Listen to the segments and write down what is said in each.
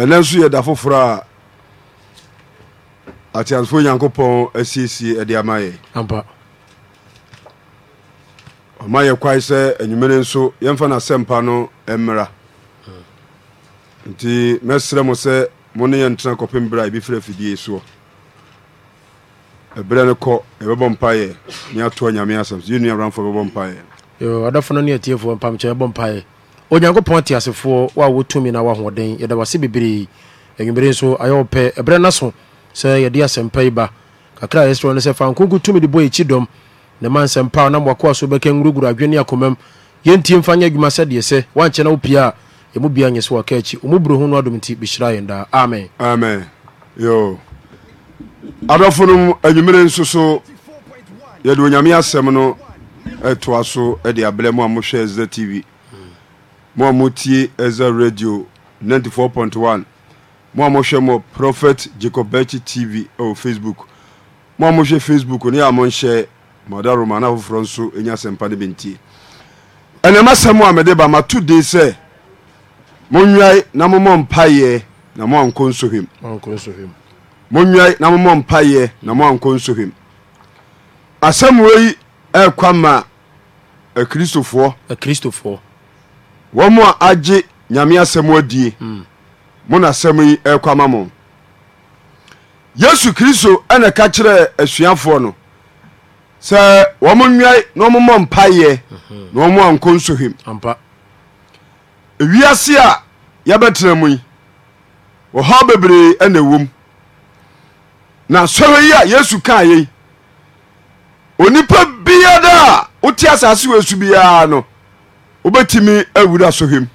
ɛnɛ nso yɛ da foforɔ a ateasefoɔ nyankopɔn asiesie ɛde ama yɛ ɔma yɛ kwae sɛ anwumene nso yɛmfa nasɛmpa no mmra nti mɛsrɛ mo sɛ mo ne yɛ ntena kɔpem berɛ a ebi firɛ afidie soɔ ɛberɛ no kɔ yɛbɛbɔ mpayɛ ne atoa nyame asɛm so yɛnnuabramfoɔ bɛbɔ mpayɛ adɔfo no ne atiefoɔ mpamkyɛ yɛbɔ mpayɛ onyankopɔn te asefoɔ wo a na woahoɔden yɛda wase bebree anwummere nso ayɛ wɔpɛ ɛberɛ na so sɛ yɛde asɛmpa yi ba kakra yɛ srɛ no sɛ fa tumi de bɔ yɛkyi dɔm ne ma nsɛmpa na mmoakoa so bɛka nguruguru adwene akomam yɛntie mfa nyɛ adwuma sɛdeɛ sɛ woankyɛ na wo pie a yɛmu bia nyɛ sɛ wɔka akyi ɔmu buro ho no adom nti bɛhyira yɛn daa amen amen yo adɔfo no anwummere nso so yɛde onyame asɛm no ɛtoa so ɛde abrɛ mu a mohwɛ ɛsda tv mo a motie ɛza radio 94.1 mo a mohwɛ mɔ profet jacobech tv ɛwɔ facebook mo a mohwɛ facebook ne a monhyɛ madaroma no afoforɔ nso ɛnya asɛmpa bɛntie a mede ba mato de sɛ monwae na momɔ mpayɛ na mo ankɔ nsohwem monwae na momɔ mpayɛ na mo ankɔ nsohwem asɛm wei ɛɛkwa ma akristofoɔ wɔm a agye nyame asɛm adie hmm. mo nasɛm yi ɛkɔ ama mo yesu kristo ɛna ka kyerɛɛ asuafoɔ no sɛ wɔmo na ɔmommɔ mpayɛ hmm. na ɔmo ankɔ nsohwem ewiase a yɛbɛtena mu yi wɔhaw bebree ɛna ɛwom na sɔhwɛ yi a yesu kaa onipa a wote asase wɔ biara no wobɛtumi awura asɔhwɛ mu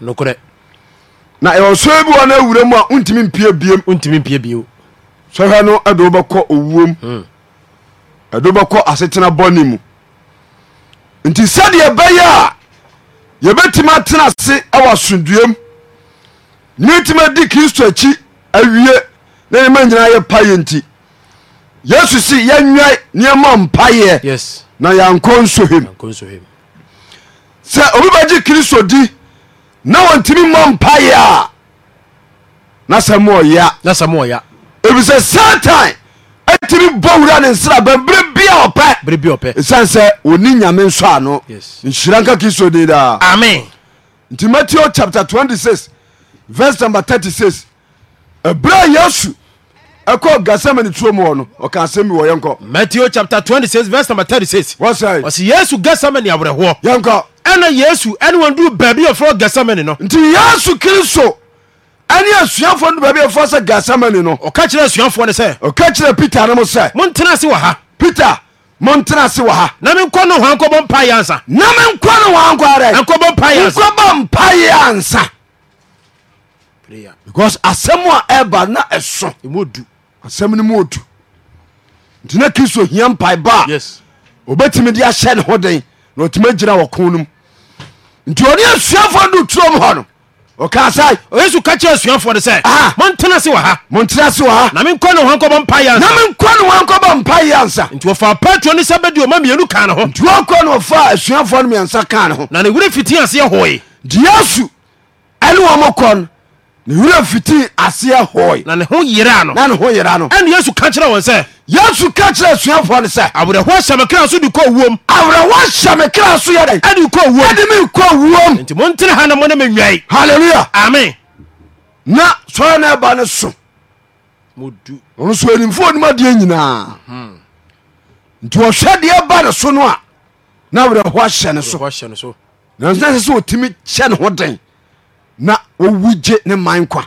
nokorɛ na ɛwɔ sɔhwɛ bi wɔ no awura mu a wontumi mpie biem wontumi mpie bio sɔhwɛ no ɛde wobɛkɔ owuom hmm. ɛde wobɛkɔ asetena bɔne mu nti sɛdeɛ ɛbɛyɛ a yɛbɛtumi atena ase ɛwɔ asomduam ne tumi adi kristo akyi awie na nneɛma nyinaa yɛ payɛ nti yesu si yɛnwɛe nneɛma mpayɛ na yɛankɔ nsohem sɛ obi bɛgye kristo di na wɔntimi mmɔ mpayɛ a na sɛ moɔya ebisɛ satan atimi bɔ wura ne nsraba berɛ bia ɔpɛ ɛsiane sɛ ɔni nyame nsɔ ano nhyira nka kristo di daa nti matthew chapter twenty 26 verse number thirty ɛberɛ a yesu ɛkɔ gethsemane tuo mu hɔ no ɔka asɛm bi wɔ yɛnkɔ matthew chapter twenty 26 verse number thirty 36 wɔsɛ ɔsɛ yesu gethsemane awerɛhoɔ yɛnkɔ ɛna yesu ɛne wɔn duru baabi yɛfrɛ gɛsamane no nti yesu kristo ɛne asuafoɔ no baabi yɛfrɛ sɛ gɛsamane no ɔka kyerɛ asuafoɔ no sɛ ɔka kyerɛ peter no m sɛ montena ase wɔ ha peter montena ase wɔ ha na menkɔ no hwan nkɔbɔ mpaeɛ ansa na menkɔ no hwan nkɔ dɛ nkɔbɔ mpaeɛ ansa nkɔbɔ mpaeɛ ansa because asɛm a ɛba na ɛso asɛm no mu ɔdu nti na kristo hia mpae ba a obɛtumi de ahyɛ ne ho den na ɔtumi agyina wɔ ko no nti ɔne asuafoɔ do turom hɔ no ɔka sa yesu ka kyerɛ asuafoɔ no sɛ montena se wɔ ha montena se wɔ ha na menkɔ ne wankɔbɔ mpa yɛ na menkɔ ne wankɔbɔ mpa yɛ ansa nti wɔfa petro ne sɛbɛdi ɔma mmienu ka ne ho nti wɔkɔ ne ɔfa asuafoɔ no mmiɛnsa ka ne ho na ne werɛ fiti aseɛ hoe nti yesu ɛne wɔmɔ kɔ no ne werɛ fiti aseɛ hoe na ne ho yera no na ne ho yera no ɛne yesu ka kyerɛ wɔn sɛ yesu ka kyerɛ asuafoɔ no sɛ awerɛho ahyɛ me kra so de kɔ wuom awerɛho ahyɛ kra so yɛ ɛde kɔ wuom ɛde me kɔ wuom nti montene ha na mo ne menwae halleluya amen na sɔre no ɛba no so ɔno so animfoɔ nim adeɛ nyinaa hmm. nti ɔhwɛ deɛ ba ne so no a na awerɛho ahyɛ ne so nanso na sɛ sɛ ɔtumi kyɛ ne ho den na ɔwu gye ne man kwa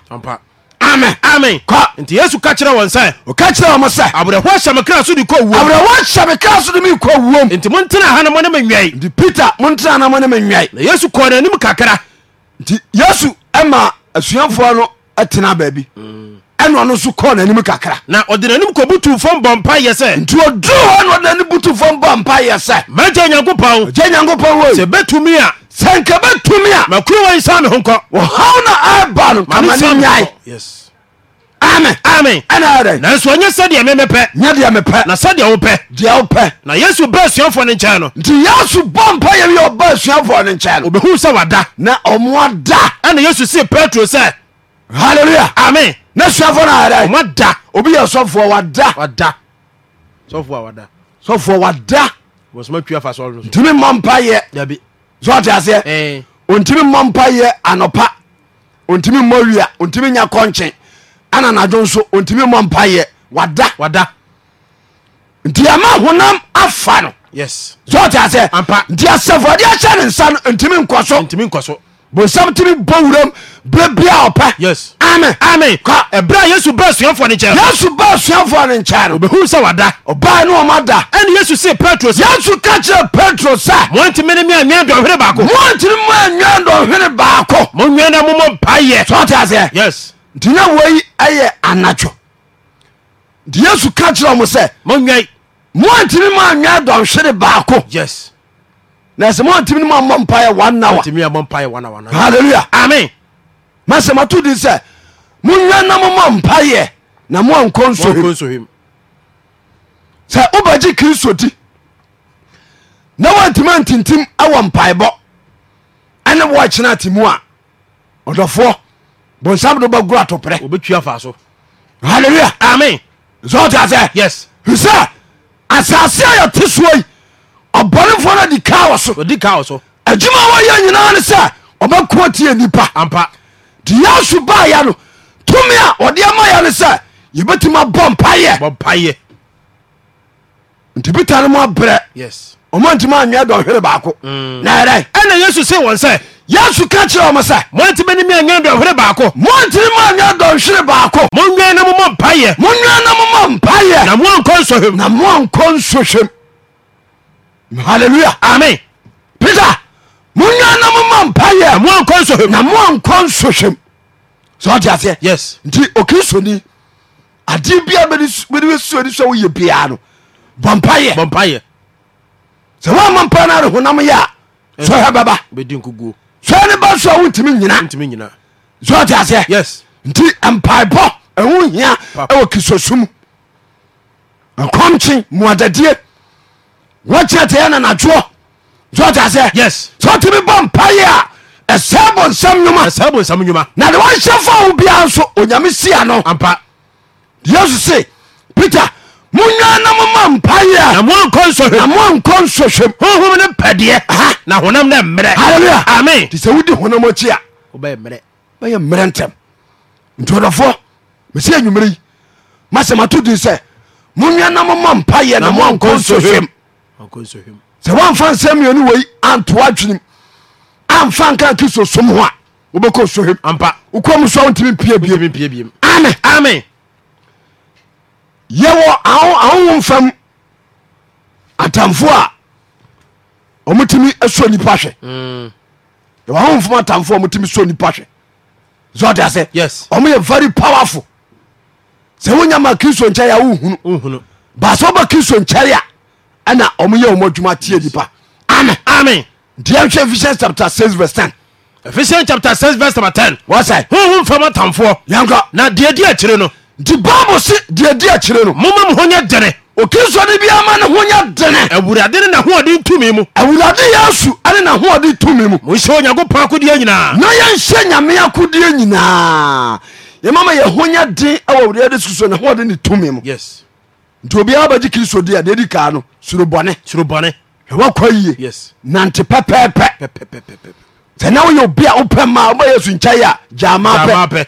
amen amen kɔ nti yesu ka kyerɛ wɔn sɛ ɔka kyerɛ wɔn sɛ abrɛho ahyɛ me kra so de kɔ wuo abrɛho ahyɛ so de me kɔ wuom nti montena ha na mo ne me nwɛe nti peter montena na mo ne me nwɛe na yesu kɔɔ n'anim kakra nti yesu ɛma asuafoɔ no atena baabi ɛna ɔno nso kɔɔ n'anim kakra na ɔde n'anim kɔ butu fam bɔ mpa yɛ sɛ nti ɔduru hɔ na ɔde n'anim butu fam bɔ mpa yɛ sɛ mɛgya nyankopɔn gya nyankopɔn wɔ sɛ bɛtumi a sɛ nka bɛtumi a makuro wa nsa me ho nkɔ ɔhaw na ɛba no kamane Yes. amen amen ɛna ɛdɛ nanso ɔnyɛ sɛdeɛ memepɛ nyɛ deɛ mepɛ na sɛdeɛ wopɛ deɛ wopɛ na yesu bɛ asuafoɔ no nkyɛn no nti yesu bɔ mpa yɛ wiɛ ɔba asuafoɔ no nkyɛn no obɛhu sɛ wada na ɔmoa da ɛna yesu see petro sɛ halleluya amen na suafoɔ no ɛdɛ ɔmoa da obi yɛ sɔfoɔ wada wada sɔfoɔ wada sɔfoɔ wada wɔsoma twa fa sɔre no ntumi mmɔ mpa yɛ dabi sotaseɛ eh. ontimi mmɔ mpayɛ anɔpa ontimi mmɔ wia ontimi nya kɔnkye ana nadwo nso ontimi mmɔ mpayɛ wada nti ama honam afa no sotasɛ nti asɛfoɔde ahyɛ ne nsa no ntimi nkɔ so bonsam timi bɔ wuram berɛ bia ɔpɛ amen amen ka ɛberɛ a yesu baa asuafoɔ no nkyɛn yesu baa asuafoɔ no nkyɛn no obɛhuu sɛ wada ɔbaa ne ɔma da ɛne yesu see petro sɛ yesu ka kyerɛ petro sɛ moantimi ne me anwea dɔnhwene baako moantimi mo anwea dɔnhwene baako monwea na momɔ mpayɛ sɛ ɔte Yes. nti na wei ɛyɛ anadwo nti yesu ka kyerɛ mo sɛ monwai moantimi mo anwea dɔnhwene baako yes Na nase motimi no mambɔ mpaɛ wanawaaleluya ame masɛ mato di sɛ mowa na momɔ mpayɛ na moankɔ nsohem sɛ wobagye kristo di na woantimi antintim awɔ mpaebɔ ɛne wɔkyena ate mu a ɔdɔfoɔ bonsam do bɛgoro atoperɛ halleluya ame sɛ wotasɛ sɛ asase a yɛte soa yi ɔbɔnefoɔ no di kaw so adwuma wɔyɛ nyinaa ne sɛ ɔbɛkoa tie nipa ampa nti yɛasu baayɛ no tumi a ɔde ma yɛ no sɛ yɛbɛtumi abɔ mpayɛ nti bita no mu abrɛ ɔma ntimi anwea dɔhwere baako mm. na ɛdɛn ɛna yesu se wɔn sɛ yesu ka kyerɛ ɔmo sɛ moantimi ne mi anwea dɔhwere baako moantimi mu anwea dɔhwere baako monwea na momɔ mpayɛ monwea na momɔ mpayɛ na moankɔ nsɔhwɛm na moankɔ nsɔhwɛm Hallelujah, amen peter monya na moma mpayɛ moankɔ nsohwem na moankɔ nsohwem sɛ ɔte aseɛ yes nti okrisoni adeɛ bia bɛde bɛsuani sɛ woyɛ biaa no bɔ mpayɛ bɔ mpayɛ sɛ woama mpa no arehonam yɛ a eh, sɛ hɛ bɛba bɛdi nkuguo sɛ ne ba so a wontimi nyina ntimi nyina sɛ ɔte aseɛ yes nti mpaebɔ ɛho hia ɛwɔ krisosum nkɔmkye muadadie wɔkyerɛ Yes. nanadwoɔ sotasɛ me otimi bɔ mpayi a ɛsɛ bo nsɛm nwuma na de wɔnhyɛ fa wo so nso onyame sia no yesu se peter monwa na moma mpayi a moankɔ nsɔhwɛm honhom ça ha. na honam no mmerɛ hallelujah amen vous sɛ di honam akyi a wobɛyɛ mmerɛ bɛyɛ mmerɛ ntɛm nti ɔdɔfoɔ mesɛ anwummerɛ yi na na sɛ woamfa nsɛ mmienu wei antoa adwenem amfa nka kristo som ho a wobɛkɔ sohem ampa wokɔm so a wontimi mpia biom ame ame yɛwɔ ahoho mfam atamfoɔ a ɔmotumi ɛsɔ nipa hwɛ mm. yɛwɔ ahoho mfam atamfoɔ a ɔmotumi sɔ nipa hwɛ zɔde asɛ ɔmo yɛ very powerful sɛ wonya ma kristo nkyɛre a wohunu baasɛ woba kristo nkyɛre a ɛna ɔmoyɛ ɔmɔ adwuma tie nipa amen amen deɛ nhwɛ ephesians chapter six verse ten chapter six verse number ten wɔsɛ huhu yankɔ na no no mo ho nyɛ dene okristo ne bia ma ne ho nyɛ dene awurade ne mu ɛne mu nyinaa na yɛnhyɛ nyame akodeɛ nyinaa mama ma nyɛ den awɔ awurade ne tumi mu yes nti obiaa bagye kristo di a dedi kaa no surobɔne surobɔne ɛwɔkɔ yie nante pɛpɛɛpɛ sɛ na woyɛ obi a wopɛ ma womayɛ su nkyɛe a gyama pɛ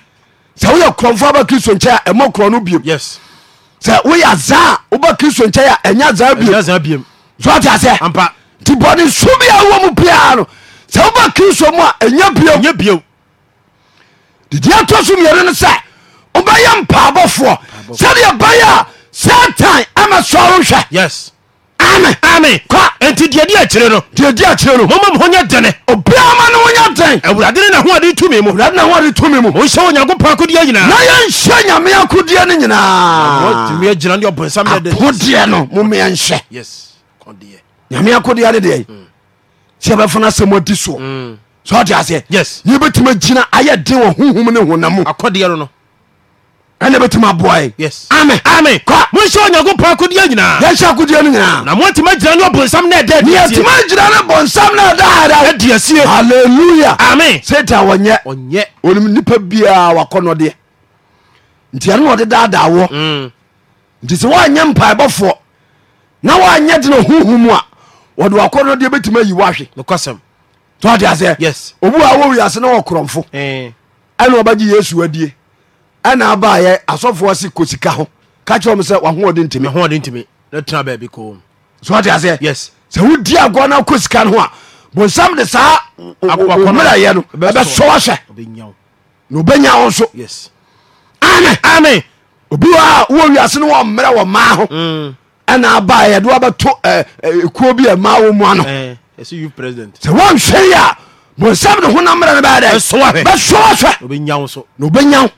sɛ woyɛ kurɔmfoɔ aba kristo nkyɛe a ɛmɔ kurɔ no biom sɛ woyɛ azaa a woba kristo nkyɛe a ɛnya zaa biom so ate asɛ nti bɔne nso bi a wowɔ mu no sɛ woba kristo mu a ɛnya biom didiɛ tɔ so mmiɛre no sɛ wobɛyɛ mpaabɔfoɔ sɛdeɛ bayɛ a sɔre hwɛ. yes. ami. ami kɔ. nti deɛ di akyire no. deɛ di akyire no. mɔmɔ mu ho nyɛ dɛnɛ. obiara ma ne ho nyɛ dɛn. awurade ne na ho adi tumi mu. awurade na ho adi tumi mu. o n sɛ o nyanko pa akodeɛ nyinaa. na yɛn nhyɛ nyame akodeɛ no nyinaa. awɔ tumi gyina ne ɔbɔnsam yɛ dɛ. akodeɛ no mo mɛ nhyɛ. yes kɔdeɛ. nyame akodeɛ ne deɛ. Mm. sɛ bɛ fana sɛ mo di soɔ. Mm. sɔɔ ti aseɛ. yes. yɛ bɛ jina gyina ayɛ den wɔ huhum ne honam mu. akɔdeɛ no no ɛne bɛtumi aboae ame ame kɔ monhyɛ onyankopɔn akodeɛ nyinaa yɛhyɛ akodeɛ no nyinaa na moatumi agyina no ɔbonsam na ɛda neyɛtumi agyina no bonsam na ɛdaada ɛdi asie halleluya ame satan wɔnyɛ ɔnyɛ onim nipa biaa wakɔ no deɛ nti ɛno na ɔde daadaa wɔ mm. nti sɛ woanyɛ mpaebɔfoɔ na woanyɛ dena huhu mu a wɔde wakɔ no deɛ bɛtumi ayi woahwe nokɔsɛm tɔde aseɛ obu a wɔ wiase na wɔ korɔmfo eh. ɛne ɔbɛgye yesu adie ɛna abayɛ asɔfoɔ se kosika ho ka kyerɛ m sɛ wahoɔde ntimi hoɔde ntimi na tena baabi ko so aseɛ yes sɛ wodi agɔ no kɔ sika no ho a bonsam de saa mmerɛyɛ no ɛbɛsɔ wahyɛ na obɛnya wo nso ame ame obi wɔ a wowɔ wiase no wɔmmerɛ wɔ maa ho mm. ɛna abayɛ de wabɛto kuo bi a ma wɔ mu ano sɛ wɔnhwɛ yi a bonsam de honam no bɛɛdɛ bɛsɔ na obɛnya wo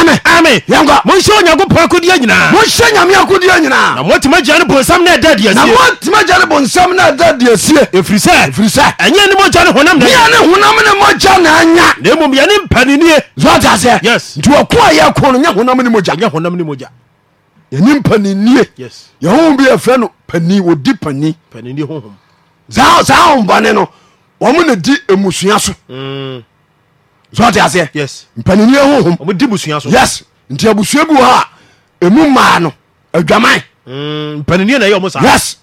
amen amen yɛnkɔ monhyɛ onyankopɔn akodeɛ nyinaa monhyɛ nyame akodeɛ nyinaa na motuma gya no bonsam na ɛda deasie na motuma gya no bonsam na ɛda deasie ɛfiri sɛ ɛfiri sɛ ɛnyɛ ne mogya ne honam nea ne honam ne mogya na anya na mmom yɛne mpanenie sota sɛ yes nti wɔko a yɛko no nyɛ honam ne mogya nyɛ honam ne mogya yɛne mpanenie yes yɛhohom bi yɛfrɛ no pani wɔdi pani panini hohom saa hombɔne no wɔmo na di ɛmusua so mm sote aseɛ mpanini hohomyes nti abusua bi wɔ ha ɛmu maa no adwaman mm, yes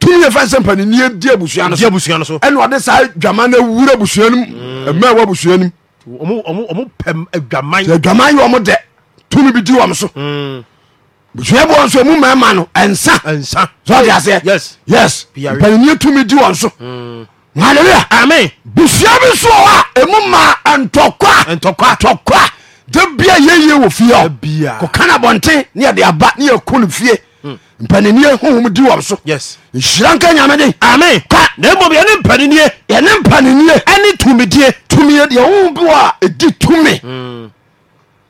tumi yɛ fɛn sɛ mpanini di abusua no so ɛna ɔde saa adwaman no awura abusua no mu mm. ɛmɛ wɔ abusua no mu adwaman yɛ ɔmo dɛ tumi bi di wɔm so mm. busua bi wɔn so ɛmu mɛɛma no ɛnsa sote aseɛ yes e. mpanini tumi di wɔn so hallelujah amen busua bi so wɔ a emu ma ntɔkwa ntɔkwa ntɔkwa de bia yeye wɔ fie hɔ kɔkan abɔnten ne yɛde aba ne yɛko ne fie hmm. mpanini huhum di wɔm so nhyira nka nyame amen ka na mmom yɛne mpanini yɛne mpanini ɛne tumidie tumi yɛ huhum bi wɔ a tumi hmm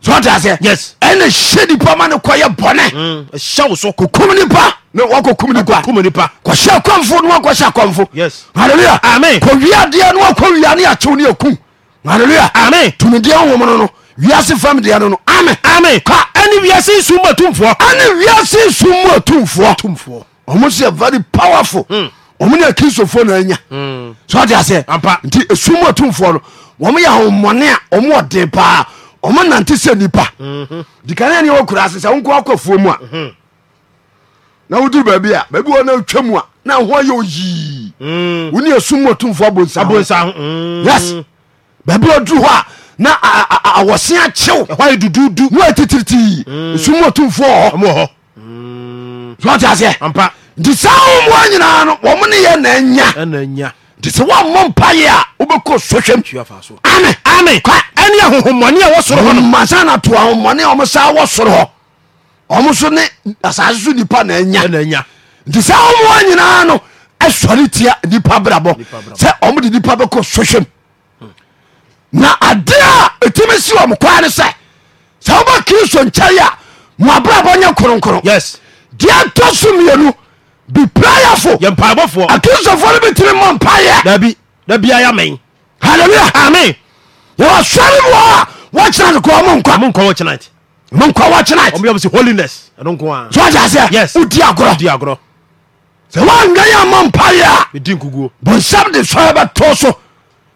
sọtaase. yes. ɛna hyɛ nipa ma ne kɔ yɛ bɔnɛ. ɛhyɛ wosɔ. ko kum nipa. ne wa ko kum nipa. kum nipa. kɔ hyɛ kɔnfo ne wa kɔ hyɛ kɔnfo. yes. hallelujah. amen. kɔ wia deɛ ne wa kɔ wia ne yɛakyew ne yɛkum. hallelujah. amen. tumideɛ wɔn no no wiase fam deɛ no no amen. amen. ka ɛne wiase nsummu atumfoɔ. ɛne wiase nsummu atumfoɔ. atumfoɔ. ɔmo sɛ very powerful. Mm. ɔmo ne akirisofoɔ na anya. sɔtaase. ampa nti esummu atumfoɔ no wɔn yɛ ahomɔne a wɔn wɔ den paa ɔmo nante sɛ nipa mhm. dikane neɛ wɔkura ase sɛ wonko akɔ fuo mu a mhm. na woduru baabi a baabi wɔ na atwa mu a na mhm. ho ayɛ oyii wone asum ɔtomfoɔ abonsa yes baabi ɔduru hɔ a na awɔse akyew ɛhɔ ayɛ dududu na atitiritii asum ɔtomfoɔ wɔ hɔ sɔte aseɛ nti saa wo mmoa nyinaa no wɔmo ne yɛ na anya nti sɛ woammɔ mpayɛ a bɛkɔ sohwɛm ame ɛne ahohommɔne a wɔ soro hɔ nomasa na a ɔmo saa wɔ soro hɔ ɔmo so ne asase so nipa na anya nti sɛ ɔmoa nyinaa no ɛsɔre tia nipa brabɔ sɛ ɔmode nipa bɛkɔ sohwɛm na ade a ɛtumi si wɔ mo kwaa ne sɛ sɛ woba kristo nkyɛe a mo abrabɔ nyɛ nkronkron deɛ tɔ so mmienu bi prayerfo akristofoɔ no bɛtumi mmɔ mpayɛ da biaya me halleluya amen yɛwɔ sɔre mu hɔ a wɔkyena no kɔ mo nkwa mo nkɔ wɔ kyenat mo nkɔ wɔ kyenat ɔmo yɛ sɛ holiness ɛno nko a so agya sɛ wodi agorɔ di agorɔ sɛ woanga yɛ ma mpayɛ a ɛdi nkuguo bonsɛm de sɔre bɛto so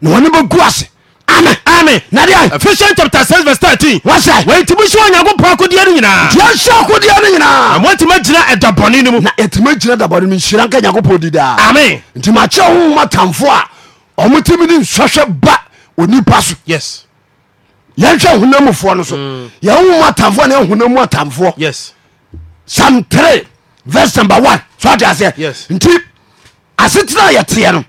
na wɔne bɛgu ase amen amen na deɛ ephesians chapter six verse thirteen wọ́n sẹ́ wọ́n ti mú sí Onyankopɔn akódiya ni nyinaa diẹ sẹ́ akódiya ni nyinaa àwọn tí ma gyina ẹ̀dàbọ̀ni ni mu na ẹ̀tí ma gyina ẹ̀dàbọ̀ni mi nsira nkẹ́ Onyankopɔn di daa amen ntoma kyẹ́ ohun ma tàn fún a ɔmotimi ne nsɔhwɛ ba onipa so yɛnhwɛ hunamufoɔ mm. no so yɛwowoma atamfoɔ ne ɛhunamu atamfoɔ sam 3 vers number 1 so ate aseɛ nti asetena a yɛteɛ no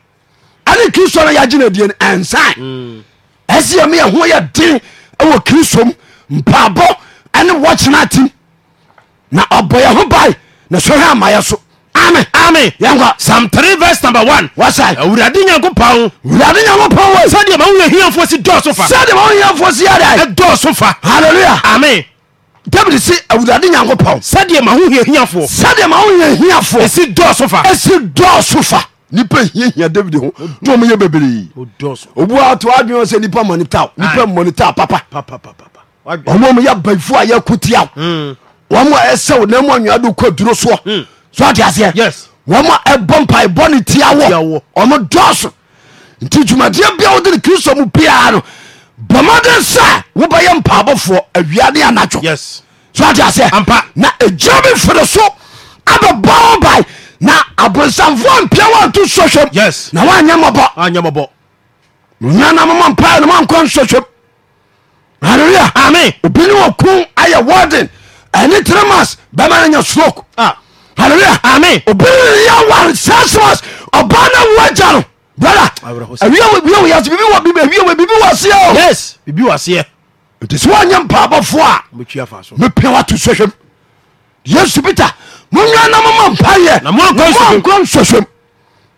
ane kristo no yɛagyena die no ɛnsan mm. ɛsɛ me yɛho yɛ den ɛwɔ kristom mpabɔ ɛne wɔkyena atim na ɔbɔ yɛ ho bae na sɔhwɛ amayɛ so ami ami yankwa psalm three verse number one wasa awurade nyankopɔn awurade nyankopɔn wo sɛdeɛ ma wo yɛ hiafoɔ si dɔɔso fa sɛdeɛ ma wo yɛ hiafoɔ si yɛda ɛdɔɔso fa hallelujah ami david se awurade nyankopɔn sɛdeɛ ma wo yɛ hiafoɔ sɛdeɛ ma wo yɛ hiafoɔ ɛsi dɔɔso fa ɛsi dɔɔso fa nipa hiahia david ho ne ɔmo yɛ bebree obua to adwene sɛ nipa mɔne ta nipa mɔne ta papa ɔmo ɔmo yɛ abaifoɔ a yɛko tia mm. ɔmo a ɛsɛw na mu anwea do kɔ aduro soɔ mm sotaseɛ wɔma ɛbɔ mpa bɔne tiawɔ ɔmo dɔso nti dwumadeɛ bia wodene kristo mu biaa no bɔmaden sɛ wobɛyɛ mpabɔfoɔ awiade anatwo sotaseɛ na ɛgya bi fere so abɛbɔwo bae na abonsamfoɔ mpia wanto sɔhwɛm na woanyɛ mɔbɔ onyanamoma mpa nomankɔ nsɔhwɛm hallelujah amen obi ne wɔko ayɛ warden ɛne tremas bɛma no nya stroke ah hallelujah amen obìnrin yà wà sasmas ọba náà wọ ẹja no brother ewia ewia wọ yasi bibi wọ bibi ewia wọ bibi wọ seɛ o yes bibi wọ seɛ ètò sọ wọn nyɛ mpaabɔfo a mi pè wá tu sɛhwɛm yesu peter mo nyɛ na mo ma mpa yɛ na mo nkɔ nsɛhwɛm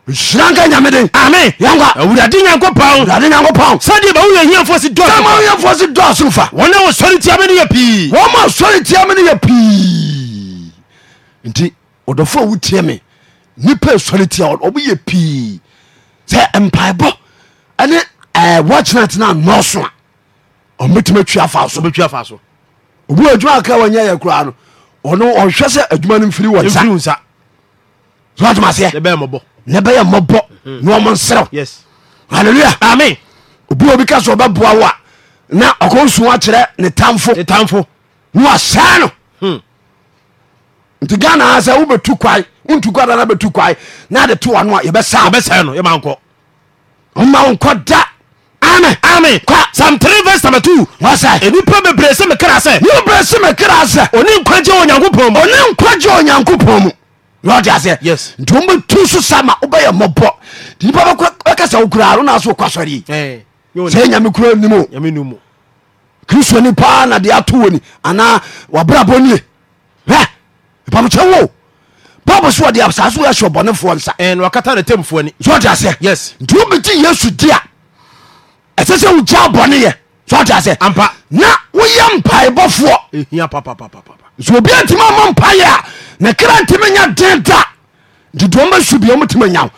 nsira nka nyame den amen yanka awurade nyanko pɔn awurade nyanko pɔn sadiya bawo yɛ hiɛn fɔsi dɔɔso sadiya bawo yɛ fɔsi dɔɔso fa wɔn na wɔ sɔri tiamɛ ni yɛ pii wɔn ma sɔri tiamɛ ni yɛ pii nti ɔdɔfo a wotie me nipa asɔre tia ɔmoyɛ pii sɛ mpaebɔ ɛne wɔkyenatena nɔɔso a ɔmɛtumi atwi afa so bɛtwi afa so obi wɔ adwuma aka wɔnyɛ yɛ koraa no ɔno ɔhwɛ sɛ adwuma no mfiri wɔ nsa nsa so watom aseɛ ne bɛyɛ mmɔbɔ mhm. na ɔmo nserew hallelujah amen obi wɔ bi ka sɛ ɔbɛboa wo a na ɔkɔ nsu akyerɛ ne tamfo ne tamfo na wasaa no nti ghana sɛ wobɛtu kwai wontu kwa dana bɛtu kwai na de to wano a yɛbɛsayɛbɛsɛe no yɛmankɔ ma wo nkɔ da ame ame kwa sam 3 vs nab 2 wɔsɛ enipa bebree se me kra sɛ ne bebree se me kra sɛ ɔne nkwagye onyankopɔn mu ɔne nkwagye onyankopɔn mu lọ́ọ̀dì ase. yes. nti wọn tu so sama o bɛ yɛ mɔ bɔ nipa bɛ kɔ ɛkasa na so kwasɔri yi. sɛ nyame kura nimu o. paa na de ato wo ni ana wabrabɔ nie mpamokyɛ wo bible so wɔde asase wɔahyɛ ɔbɔnefoɔ nsa ɛnwakata ne tamfoɔ ni so wɔte aseɛ yes nti wobɛgye yesu di a ɛsɛ sɛ wogya bɔneyɛ so wɔte aseɛ ampa na woyɛ mpaebɔfoɔ ɛhia papapapa nso obi antimi ama mpayɛ a ne kra ntimi nya den da nti deɛ ɔmasu bia ɔmotimi anya wo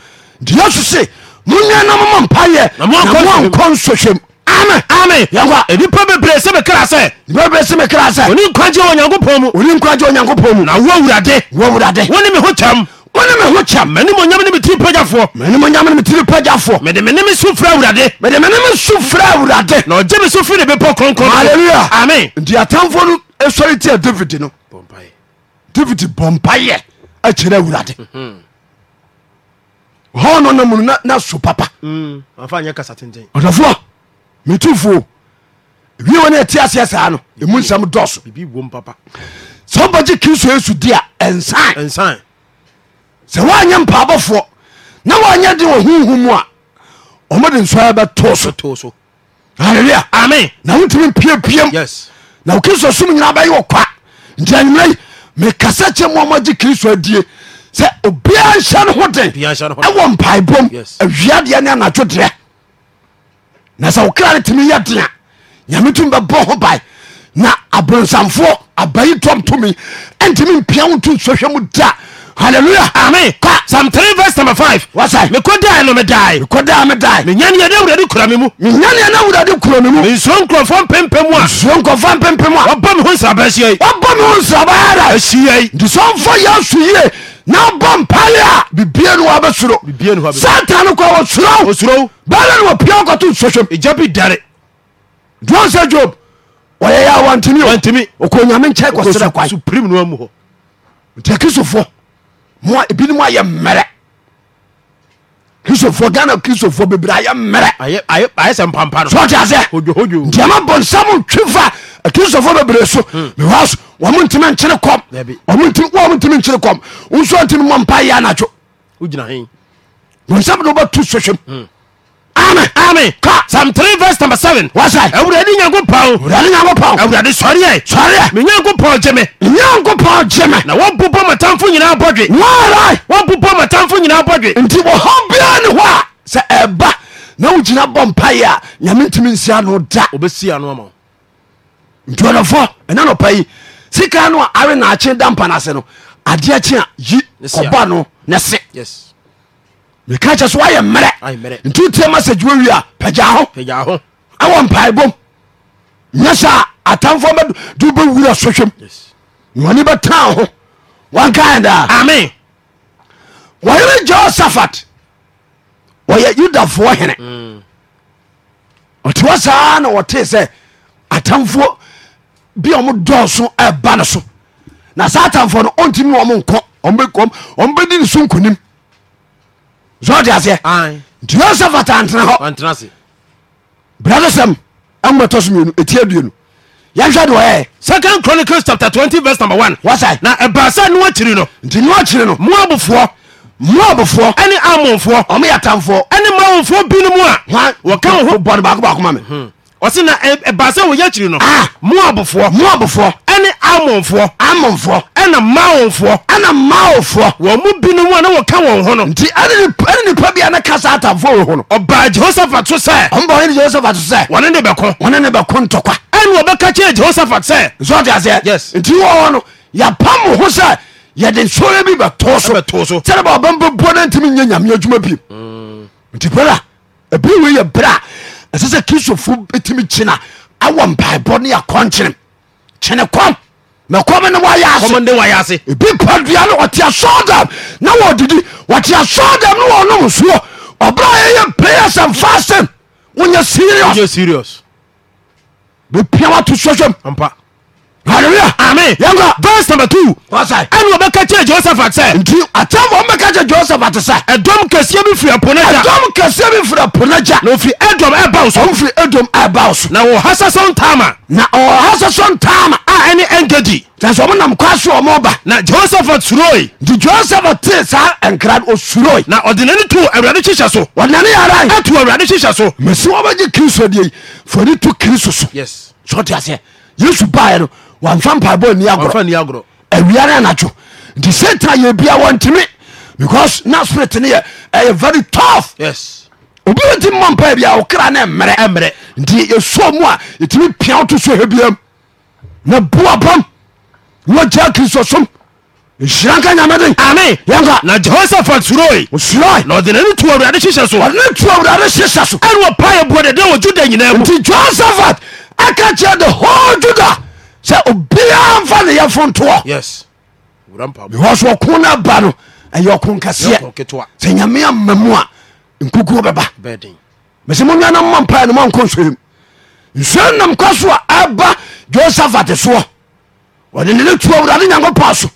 nti yesu se monyɛ na moma mpayɛ na moankɔ nsɔhwɛm ami yankwa nipa bebree se me kra sɛ nipa me kra sɛ oni nkwagye wɔ nyankopɔn mu oni nkwagye na wo awurade wo awurade wo me ho kyɛm wo me ho kyɛm mene mo nyam ne me tiri pagyafoɔ mene mo nyam ne me tiri pagyafoɔ mede me ne me so fira awurade mede me ne so fira awurade na ɔgye me so firi ne bepɔ kronkron hallelujah amen nti atamfoɔ no esɔre tia david no david bɔmpayɛ akyerɛ awurade hɔ no na mu na so papa mm. ɔdɔfoɔ metifuo wie wene ɛti aseɛ saa no ɛmu nsɛm dɔso sɛ wobɛgye kristo yesu di a ɛnsan sɛ woanyɛ mpaabɔfoɔ na woanyɛ de wɔ honhu mu a ɔmode nsɔre bɛtoo so aleluya amen na wontumi mpiapiam na kristo som nyina bɛyɛ ɔkwa nti anwumera yi mekasa kyɛ mu ɔmagye kristo adie sɛ obiaa nhyɛ no ho den ɛwɔ mpaebom awiadeɛ ne anadwo derɛ nasɛ wo kra no timi yɛ dea nyame tumi bɛbɔ ho ba na abonsamfoɔ abayi tɔm tomi ɛntimi mpia wo to nsɔhwɛ mu da hallelujah amen ka psalm three verse number five wasa mekɔ daa no medae mekɔ daa medae menyaneɛ ne awurade kura me mu menyaneɛ ne awurade kura me mu mensuo nkurɔfoɔ mpempem a nsuo nkurɔfoɔ mpempem a wɔbɔ me ho nsraba ahyiai wɔbɔ me ho nsraba ara ahyiai nti sɔmfo yɛ aso yie na bɔ mpae a bibia no wabɛsoro satan no kɔ wɔsuro bɛle no wɔpia kɔto nsɔhwɛm ɛgya bi dare duan sɛ job ɔyɛ yɛ wantimi wantimi ɔkɔ nyame nkyɛ kɔserɛ kwa supreme no mu hɔ nti kristofoɔ mo ebinom ayɛ mmerɛ kristofoɔ ghana kristofoɔ bebree ayɛ mmerɛ ayɛ sɛ mpampa no sɛ ɔte asɛ ntiama bɔnsam twe fa akristofoɔ bebree so because hmm. wɔmo ntimi nkyere kɔm wɔmo ntimi nkyere kɔm nso ntimi mɔ mpa yɛ anadwo bonsɛm de wobɛto hwehwɛm hmm. amen amen ka psalm three verse number seven. wasa yi. awurade nyanko pawo. awurade nyanko pawo. awurade sɔriya. sɔriya. mi nyanko pawo jɛmɛ. nyanko pawo jɛmɛ. na wɔn bubɔ ma tanfo nyinaa bɔdwe. wɔɔrɔ yi. wɔn bubɔ ma tanfo nyinaa bɔdwe. nti wɔ hɔn biya ni hɔ a sɛ ɛba n'aw gyina bɔ npa yi a nyame ntumi nsia no da. o bɛ si yan nɔ ma ntuadɔfo ɛna nɔpa yi sika no a are naakye da mpa no ase no adeɛ kye a yi kɔba no ne se meka kyɛ so woayɛ mmerɛ nti wotiama sɛ dwuma wie a pagya ho ɛwɔ mpae bom nyɛ sɛ a atamfoɔ bɛde wobɛwura sohwɛm wɔne bɛtaa ho wankaɛdaa ame wɔyere jeosaphat wɔyɛ yudafoɔ hene mm. ɔte wɔ saa na wɔtee sɛ atamfoɔ Bi ɔmo dɔɔso ɛba no so na satanfo no ɔntimi wɔmo nkɔ ɔmbɛdi ne so nkonim sɛ ɔde aseɛ nti yosephat antena hɔ bradesɛm ɛmɛtɔ so mienu ɛtia duenu yɛhwɛ de wɔyɛ second chronicles chapter twenty verse number one 1 wɔsɛ na ɛbaa sɛ ne wakyiri no nti ne wakyiri no moabfoɔ moabfoɔ ɛne amonfoɔ ɔmo yɛ atamfoɔ ɛne maonfoɔ binom a wɔka wɔ ho bɔne baako baako ma me ɔsi na ɛbaasa wɔ yɛkyiri no. aa ah! muabufoɔ. muabufoɔ. ɛni amonfoɔ. amonfoɔ. ɛna maonfoɔ. ɛna maonfoɔ. wɔn mu binom a na wɔn ka wɔn ho no. nti ɛni ɛni nipa bi a ne kasa atamfo wɔ ho no. ɔbaa jehosaphat so sɛ. ɔn bɔ ɔyɛ jehosaphat so sɛ. wɔn ne bɛ ko. wɔn ne bɛ ko ntɔkwa. ɛni wɔbɛka kyerɛ jehosaphat sɛ. nsɔɔ ti aseɛ. yes nti wɔwɔ no yapam ho sɛ yɛde nsɔre bi bɛ tɔ so. bɛ tɔ so. sɛdeɛ bi. Mm. nti bɛla ebi wo yɛ ɛsɛ sɛ kristofo ɛtimi kyina awɔ mpaebɔ ne akɔnkyerem kyene kɔm mɛkɔm ne wayɛ ase ebi pa dua no ɔte asɔɔdam na wɔdidi wɔte asɔɔdam ne wɔnom soɔ ɔbrɛ yɛyɛ players and fasting wonyɛ serious bepia wato sɔswɛm hallelujah amen yanka verse number two wasa ɛni wɔbɛ kɛkyɛ joseph atɛ nti atɛm wɔn bɛ kɛkyɛ joseph atɛ sɛ ɛdɔm kɛseɛ bi firi ɛponɛgya ɛdɔm kɛseɛ bi firi ɛponɛgya na ofiri ɛdɔm ɛbaw so ɔn firi ɛdɔm ɛbaw so na wɔ hasasɔn taama na ɔwɔ hasasɔn taama a ɛne ɛnkɛdi tẹsán ọmọ nam kó aṣọ ọmọ ọba. na joseph suroi. di joseph ti saa nkira o suroi. na ọ̀dìnẹ́ni tu awurade ṣiṣẹ́ so. ọ̀dìnẹ́ni yàrá yìí. ẹ̀tu awurade ṣiṣẹ́ so. mẹ̀sìn wọn bẹ jí kiri sọ di yìí fòní tu kiri soso. yes. sọ ti a sẹ yéésù báyìí no wamfa mpabɔ ni agorɔ awiare anadwo nti satan yɛ bia wɔntimi because na spirit no yɛ ɛyɛ very tough yes obi nti mmɔ mpa bia wo kra ne mmerɛ mmerɛ nti yɛsuo mu a yɛtumi pia wo to so hɛ biam na boa bam wɔgya kristo som nhyira nka nyame den ame yɛnka na jehoshaphat suroi osuroi na ɔde nane to awurade hyehyɛ so ɔde ne to awurade hyehyɛ so ɛne wɔpaeɛ boɔ dede wɔ juda nyinaa mu nti jehoshaphat aka the whole juda sɛ obiaa mfa ne yɛfo ntoɔ because ɔko no ba no ɛyɛ ɔko nkɛseɛ sɛ nyame ama mu a nkukuo bɛba mɛsɛ monwana mma mpa no mankɔ nsɔrem nsɔre nam kwa so a aba josaphat soɔ ɔde ne ne tua wurade nyankopɔn so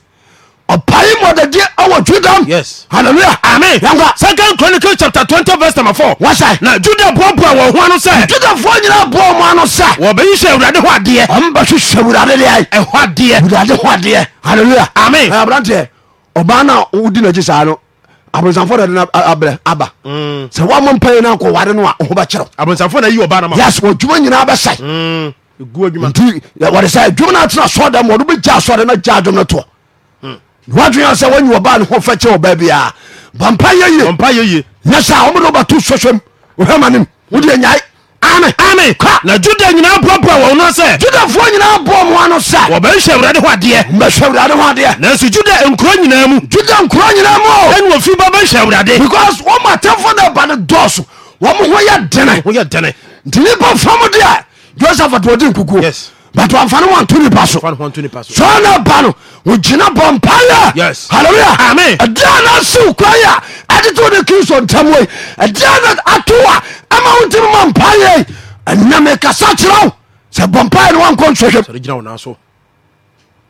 ɔpae mɔdade awɔ judam halleluya amen yanka second chronicle chapter twenty verse number four wasa na juda boaboa wɔn ho ano sɛ judafoɔ nyinaa boa wɔn ano sɛ wɔbɛhyehyɛ awurade hɔ adeɛ ɔmo bɛhyehyɛ awurade deɛ ɛhɔ adeɛ awurade hɔ adeɛ halleluya amen aberanteɛ ɔbaa na wodi n'akyi saa no abonsamfo de no abrɛ aba sɛ woamɔ mpa yi no akɔware no a ɔho bɛkyerɛw abonsamfo na yi ɔbaa na ma yes wɔdwuma nyinaa bɛsɛe nti wɔde sɛ adwuma no atena asɔre dɛ ma wɔde bɛgya asɔre no gya adwom na toɔ wadwea sɛ wanya wɔba ne ho fɛkyɛ wɔba biaa bampa yɛye nyɛ sɛ wɔmde wobɛto sɔswam wohɛma nem wode nyae ame ame ka na juda nyinaa boaboa wɔn no sɛ judafoɔ nyinaa boɔ mmoa no sɛ wɔbɛnhyɛ awurade hɔ adeɛ mbɛhyɛ awurade ho adeɛ nanso juda nkuro nyinaa mu juda nkuro nyinaa mu ɛne wɔfi ba bɛnhyɛ awurade because wɔma atamfoɔ no ba no dɔɔso wɔmo ho yɛ dene ho yɛ dene nti nipa fa mo deɛ joseph ade ɔde nkukuo but wɔamfa no wɔnto nipa so sɛ ne ba no wogyina bumpae adiana asew kwaa atet ne ken sontame adana atowa ɛma wontimi mu paye anemkasa kyerɛ se bompayenewankosinso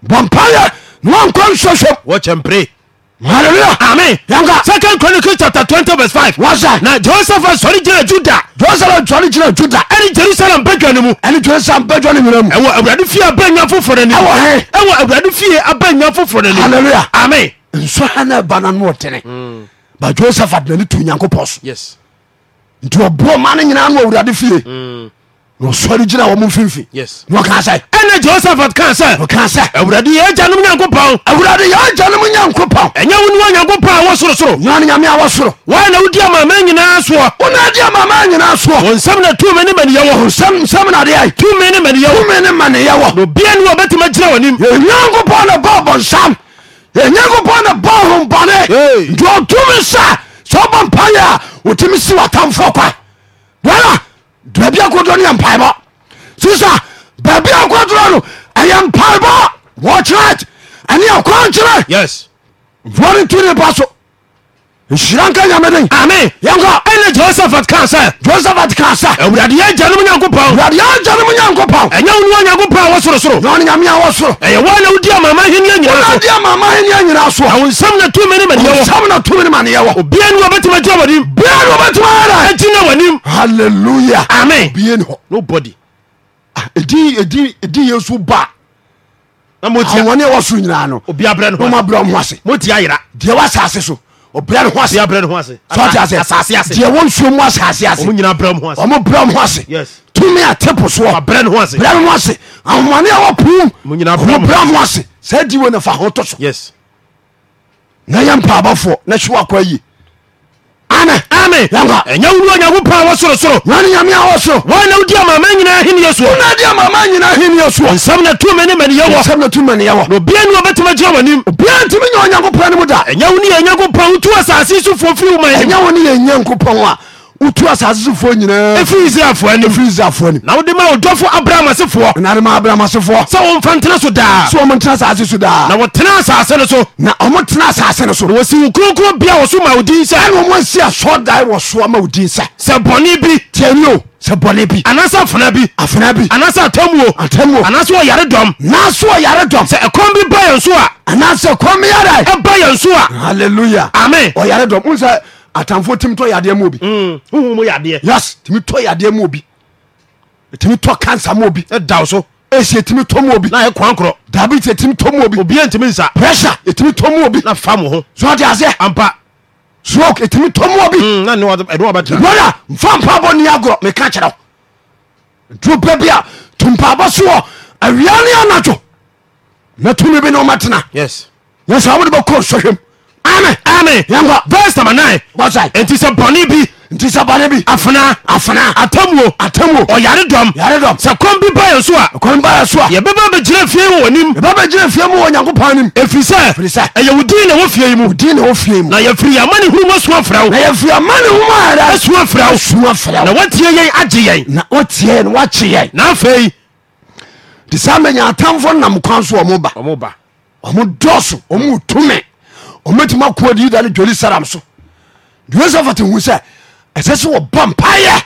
bompaye ne wankoss wcpr hallelujah amen yanka second Chronicles chapter twenty verse five wasa na joseph sori gyina juda joseph sori gyina juda ɛni jerusalem bɛjɔ ne mu ɛni jerusalem bɛjɔ ne nyina mu ɛwɔ awurade fie abɛnya foforɔ ne mu ɛwɔ he ɛwɔ awurade fie abɛnya foforɔ ne mu hallelujah amen nso ha na ɛba na no ɔtene ba joseph adenani tu nyankopɔ so nti ɔboɔ ma no nyinaa no awurade fie sɔre gyina wɔ mo mfimfi na ɔka sɛ ɛne josephat ka sɛ ɔka sɛ awurade yɛ agyanom nyankopɔn awurade yɛ agyanom nyankopɔn ɛnyɛ wo ne wa nyankopɔn a wɔ sorosoro wane nyame a soro waa na wodi amama nyinaa soɔ wona adi amama nyinaa soɔ wo nsɛm na tumi ne maneyɛ wɔ nsɛm nsɛm na deɛ tumi ne maneyɛ tumi wɔ na obia ne wɔbɛtumi agyina w'anim nyankopɔn na bɔɔ bɔnsam nyankopɔn na bɔɔ hombɔne nti ɔtumi sa sɛ ɔbɔ mpayɛ a baabi akodoro no yɛ mpaebɔ sisa baabi akodoro no ɛyɛ mpaebɔ wɔ church ɛne ɛkɔ nkyerɛ yes mfoɔ no ntu ne ba so nhyira nka nyameden ame yɛnkɔ ɛne josephat ka sɛ josephat ka sa awurade yɛ agya nom nyankopɔn awurade yɛ agya nom nyankopɔn ɛnyɛ wo ne wa nyankopɔn a wɔsorosoro na ɔne nyame a wɔsoro ɛyɛ wa na wodi amama henneɛ nyinaa so wodi amama henneɛ nyinaa so awo nsɛm na tumi ne maneɛ wɔ nsɛm na tumi ne maneɛ wɔ obia ne wɔbɛtumi agye wɔnim bia ne wɔbɛtumi ara agye na wɔnim halleluya ame bie ne hɔ nobody ɛdi ah, ɛdi ɛdi yɛ so ba na motia wɔne ɛwɔ so nyinaa no obi abrɛ no hɔ brɛ ɔmo ase motia yera deɛ wɔ asase so ɔbrɛ ne ho ase brɛ ne ho ase sɔte ase asase ase deɛ wɔn nsuo mu asase ase ɔmo nyinaa brɛ mo ho ase ɔmo brɛ mo ho ase yes tumi a tepo soɔ brɛ ne ho ase brɛ ne ho ase ahomane a wɔpuu ɔmo nyinaa brɛ mo ho ase saa wo na fa ho to so yes na yɛ mpaabɔfoɔ na ame ɛnyɛ wuru eh, onyankopɔn wɔ sorosoro wane nyame a wɔ soro wɔna wodi amama nyinaa henneɛ soɔ di amama nyina henneɛ soɔ nsɛm na tumi ne maneyɛ nsɛm na tumi maneyɛ na obia ne wɔbɛtumi gyina w'anim obia ntumi nyɛ onyankopɔn no mu da ɛnyɛ wo ne yɛ nyankopɔn wotu asase so foɔ firi wo ma yɛ ɛnyɛ wo ne yɛ nyankopɔn a wotu asase sofoɔ nyinaa ɛfiri israelfoɔ anim ɛfiri israelfoɔ anim na wode ma ɔdɔfo abraham asefoɔ na de ma abraham asefoɔ sɛ wɔmfa ntena so daa sɛ wɔmo ntena asase so daa na wɔtena asase no so na ɔmo tena asase no so na wɔsi wo kronkron bia wɔ so ma wo din sɛ ɛne ɔmo asi asɔdae wɔ so ma wo din sɛ sɛ bɔne bi tianio sɛ bɔne bi anasɛ afena bi afena bi anasɛ atamuo atamuo anasɛ ɔyare dɔm naso ɔyare dɔm sɛ ɛkɔm bi ba yɛn so a anasɛ kɔm yare ɛba yɛn so a halleluya amen ɔyare dɔm sɛ atamfoɔ timi tɔ yadeɛ mu obi mm. huhum yadeɛ yes timi tɔ yadeɛ mu obi timi tɔ kansa mu obi ɛdaw so ɛsi etimi tɔ mu obi na yɛ kwan korɔ diabetes etimi tɔ mu obi obi ntimi nsa pressure etimi tɔ mu obi na fa mu ho so ɔde aseɛ ampa stroke etimi tɔ mu obi mm, na ne wa ɛdun wa bɛ tira broda nfa mpa bɔ ni agorɔ mɛ kan kyerɛw duro bɛɛ bi a tumpaabɔ soɔ awia ni anadzo na tumi bi na ɔma tena yes yɛsɛ awo de bɛ kɔ sɔhwɛm ame vers nam 9 enti sɛ bɔne bi nti bɔne bi afena afena atamuo atamuo ɔyare dɔm yare dɔm sɛ kɔm bi bayɛ so a kɔm bayɛ so a yɛbɛba bɛgyina fie wɔ anim yɛbɛba bɛgyina fie mu wɔ nyankopɔn anim ɛfiri sɛ ɛfiri sɛ ɛyɛ wo din na wo fie yi mu din na wɔ fie mu na yɛfiri yɛ amane hurum asua frɛ wo na yɛfiri amane hurum a yɛda asua frɛ wo asua frɛ wo na wɔtie yɛn agye yɛn na wɔtie yɛn wɔakye yɛn na afei nti saa mɛnya atamfoɔ nam kwan so ɔmo ba ɔmo ba ɔmo dɔɔso ɔmo tumi ɔmatimi akoa de yuda no jerusalem so josephat hu sɛ ɛsɛ sɛ wɔbɔ mpayɛ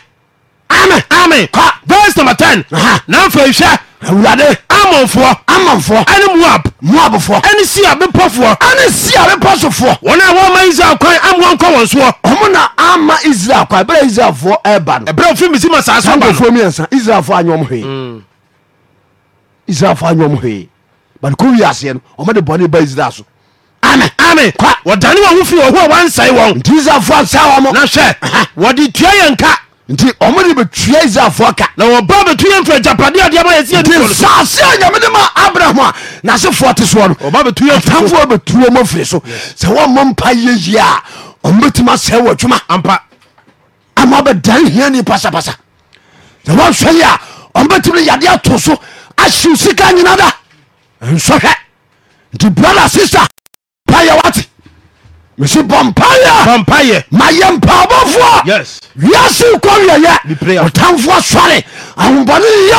ame ame ka vers number 10 na mfa hwɛ awurade amonfoɔ amonfoɔ ɛne moab moabfoɔ ɛne sia bepɔfoɔ ɛne sia bepɔ sofoɔ wɔn a wɔma israel kwan amoa nkɔ wɔn soɔ ɔmo na ama israel kwan ɛberɛ israelfoɔ ɛba no ɛberɛ ofi misima saa so bafoɔ miɛnsa israelfoɔ anyɛ ɔmo hwee mm. israelfoɔ anyɛ ɔmo hwee but kɔ wi aseɛ no ɔmode bɔne ba israel so amen ame wɔdane wɔ ho firi ɔho wansɛe wɔn nti israelfoɔ nsa wɔ mo na hwɛ wɔde tua yɛn ka nti ɔmode bɛtua israelfoɔ ka na wɔba bɛtu yɛn firi agyapadeɛ adeɛ ma yɛsi nsase a nyame ne ma abraham a nasefoɔ te soɔ no bɛtuo mɔ firi so sɛ wɔmmɔ mpa yɛyie a ɔmbɛtumi asɛe wɔ adwuma ampa ama bɛdane hiani pasapasa sɛ wɔnsɔ yi a ɔmbɛtumi ne yadeɛ ato so ahyew sika nyina da nsɔhwɛ nti brother sister Monsieur yes mpayɛ mayɛ yes wiase kɔ wiɛyɛ ɔtamfoɔ sɔre on